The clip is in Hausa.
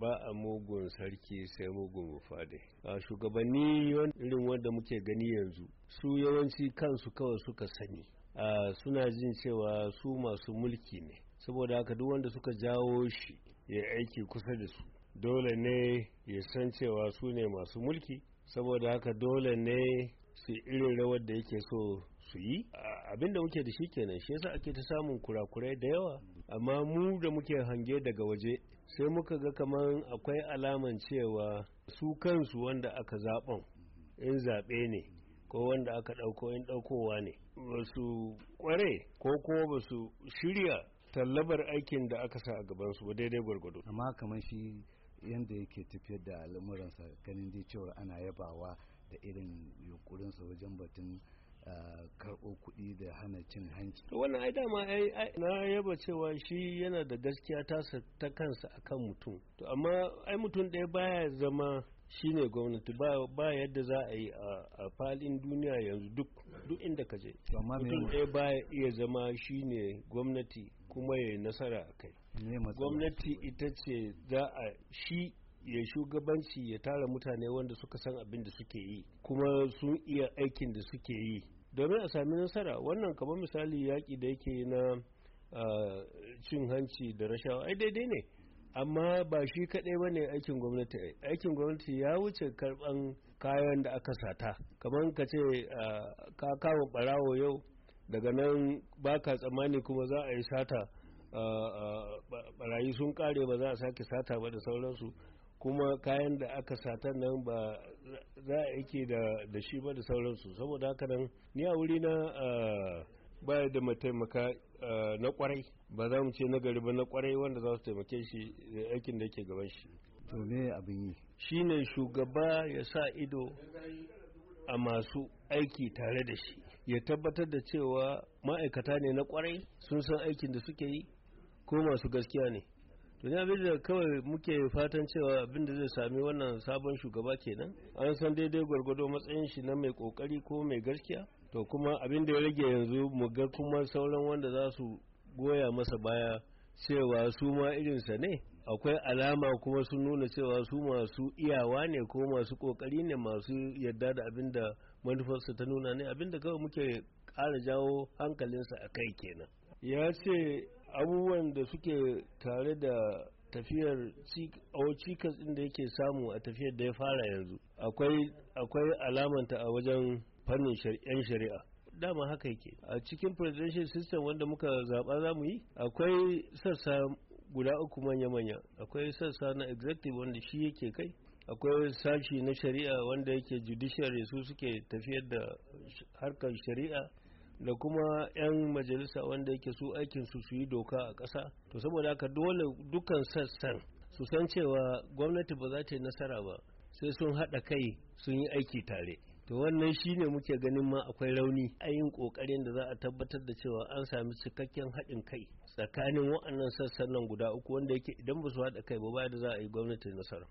ba a mugun sarki sai mugun mufade a shugabanni irin wanda muke gani yanzu su yawanci kansu kawai suka sani a suna jin cewa su masu mulki ne saboda haka duk wanda suka jawo shi ya aiki kusa da su dole ne ya san cewa su ne masu mulki saboda haka dole ne su irin rawar da yake so su yi abinda muke da shi kenan shi yasa ake ta samun kurakurai da yawa amma mu da muke hange daga waje sai muka ga kamar akwai alaman cewa su kansu wanda aka zaɓan in zaɓe ne ko wanda aka ɗauko in ɗaukowa ne ba su ƙware ko kuma ba su shirya tallabar aikin da aka sa a gabansu ba daidai gwargwado amma kamar shi yadda yake tafiyar da al'amuransa ganin dai cewa ana yabawa da irin yunkurinsa wajen batun ah, karɓo hatsi da hana cin hanci wannan ai dama ai na yaba cewa shi yana da gaskiya tasa ta kansa akan mutum to amma ai mutum ɗaya baya zama shine gwamnati ba yadda za a yi a falin duniya yanzu duk duk inda ka je mutum ɗaya baya iya zama shine gwamnati kuma ya nasara a kai gwamnati ita ce za a shi ya shugabanci ya tara mutane wanda suka san abin da suke yi kuma sun iya aikin da suke yi domin a sami nasara wannan kamar misali yaƙi da yake na cin hanci da rashawa ai daidai ne amma ba shi kaɗai ba ne aikin gwamnati aikin gwamnati ya wuce karɓan kayan da aka sata kamar ka ce ka kawo ɓarawo yau daga nan ba ka tsammani kuma za a yi sata barayi sun kare ba za a sake sata ba da sauransu kuma kayan da aka satan nan ba za a yake da shi ba da sauransu saboda haka nan ni a wuri na baya da mataimaka na kwarai ba za mu ce na gari ba na kwarai wanda za su taimake shi aikin da yake gaban shi to ne abin yi shine shugaba ya sa ido a masu aiki tare da shi ya tabbatar da cewa ma'aikata ne na kwarai sun san aikin da suke yi ko masu gaskiya ne tuni abin da kawai muke fatan cewa abin da zai sami wannan sabon shugaba kenan an san daidai gwargwado matsayin shi na mai kokari ko mai gaskiya to kuma abin da ya rage yanzu mu ga kuma sauran wanda za su goya masa baya cewa su ma irinsa ne akwai alama kuma sun nuna cewa su masu iyawa ne ko masu kokari ne masu yadda da abin da manufarsa ta nuna ne abin da kawai muke ƙara jawo hankalinsa a kai kenan ya ce abubuwan da suke tare da tafiyar cikas ɗin da yake samu a tafiyar da ya fara yanzu akwai alamanta a wajen fannin yan shari'a dama haka yake a cikin presidential system wanda muka zaɓa za mu yi akwai sassa guda uku manya-manya akwai sassa na executive wanda shi yake kai akwai sashi na shari'a wanda yake judiciary su suke tafiyar da harkar shari'a da kuma 'yan majalisa wanda yake su aikin su su yi doka a ƙasa to saboda haka dole dukkan sassan su san cewa gwamnati ba za ta yi nasara ba sai sun haɗa kai sun yi aiki tare to wannan shi ne muke ganin ma akwai rauni a yin ƙoƙarin da za a tabbatar da cewa an sami cikakken haɗin kai tsakanin wa'annan sassan nan guda uku wanda yake idan ba su haɗa kai ba ba da za a yi gwamnati nasara